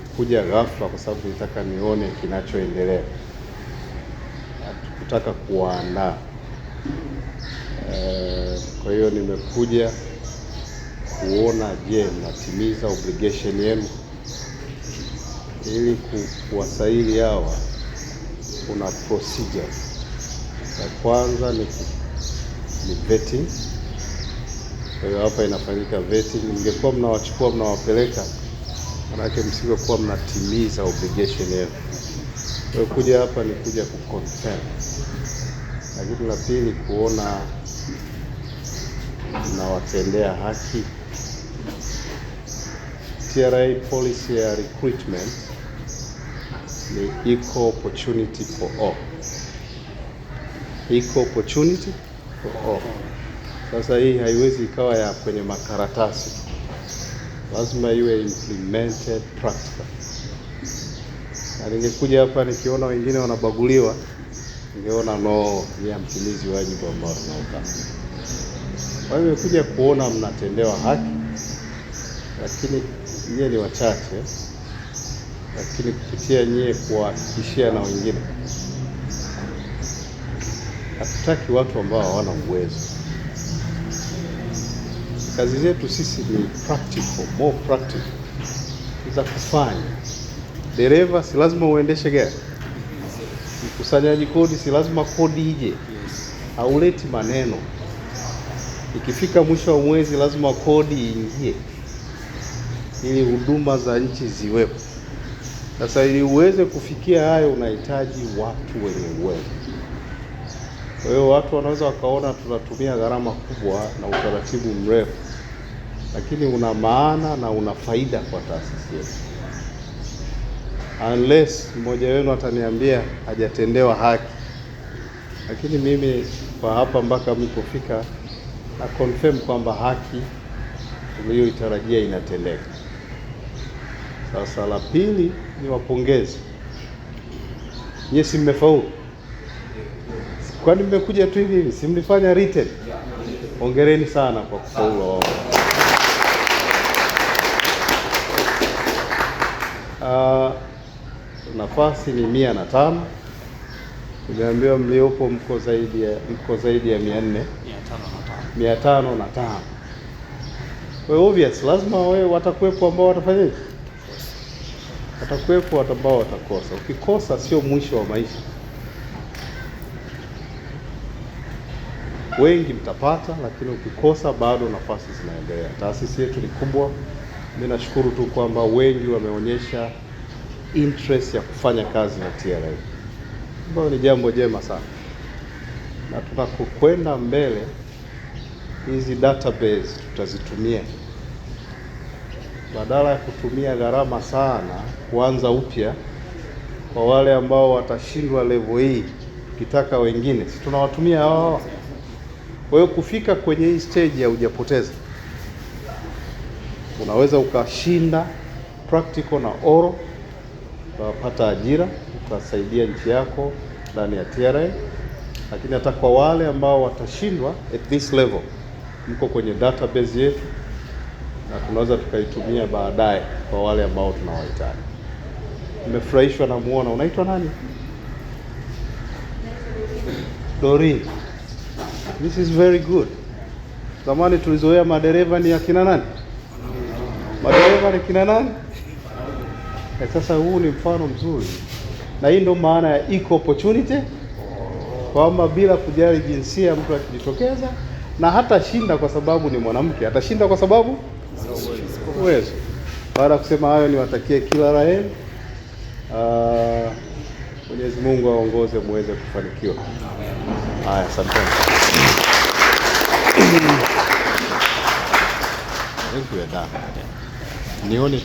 nimekuja ghafla kwa sababu nitaka nione kinachoendelea. Hatukutaka kuwaandaa e, kwa hiyo nimekuja kuona, je, mnatimiza obligation yenu ili kuwasaili hawa. Kuna procedure ya kwanza ni, ni vetting. Kwa hiyo hapa inafanyika vetting. Ningekuwa mnawachukua mnawapeleka manake msivyokuwa mnatimiza obligation yenu. Kwa kuja hapa ni kuja kuconfirm, lakini la pili kuona mnawatendea haki. TRA policy ya recruitment ni equal opportunity for all. Equal opportunity for all. Sasa hii haiwezi ikawa ya kwenye makaratasi tu lazima iwe implemented practical. Na ningekuja hapa nikiona wengine wanabaguliwa, ningeona no, ya mtimizi wajibu ambao tunaotaka. Kwa hiyo nimekuja kuona mnatendewa haki, lakini nyie ni wachache, lakini kupitia nyie kuwahakikishia na wengine, hatutaki watu ambao hawana uwezo kazi zetu sisi ni practical, more practical za kufanya. Dereva si lazima uendeshe gari, mkusanyaji kodi si lazima kodi ije, hauleti maneno. Ikifika mwisho wa mwezi lazima kodi iingie ili huduma za nchi ziwepo. Sasa ili uweze kufikia hayo, unahitaji watu wenye uwezo. Kwa hiyo watu wanaweza wakaona tunatumia gharama kubwa na utaratibu mrefu, lakini una maana na una faida kwa taasisi yetu. Unless mmoja wenu ataniambia hajatendewa haki, lakini mimi kwa hapa mpaka mlipofika na confirm kwamba haki tuliyoitarajia inatendeka. Sasa la pili ni wapongezi, nyesi mmefaulu Kwani mmekuja tu hivi hivi? Simlifanya written. Hongereni sana kwa kufaulu Uh, nafasi ni mia na tano. Nimeambiwa mliopo mko zaidi ya mko zaidi ya mia nne mia tano na tano. Kwa hiyo obvious, lazima wewe watakuwepo ambao watafanyaje? Watakuwepo ambao watakosa. Ukikosa sio mwisho wa maisha. wengi mtapata, lakini ukikosa bado nafasi zinaendelea. Taasisi yetu ni kubwa. Mimi nashukuru tu kwamba wengi wameonyesha interest ya kufanya kazi na TRA, ambayo ni jambo jema sana, na tunakokwenda mbele, hizi database tutazitumia badala ya kutumia gharama sana kuanza upya. Kwa wale ambao watashindwa level hii, ukitaka wengine, si tunawatumia hao. Kwa hiyo kufika kwenye hii stage haujapoteza, unaweza ukashinda practical na oro ukapata ajira, ukasaidia nchi yako ndani ya TRA. Lakini hata kwa wale ambao watashindwa at this level, mko kwenye database yetu na tunaweza tukaitumia baadaye kwa wale ambao tunawahitaji. Nimefurahishwa na muona. Unaitwa nani? dori This is very good. Zamani tulizoea madereva ni akina nani? Madereva ni akina nani? E, sasa huu ni mfano mzuri, na hii ndio maana ya equal opportunity, kwamba bila kujali jinsia mtu akijitokeza, na hatashinda kwa sababu ni mwanamke, atashinda kwa sababu uwezo. Baada ya kusema hayo, niwatakie kila la heri. Ah, Mwenyezi Mungu aongoze muweze kufanikiwa. Haya, asanteni. Nione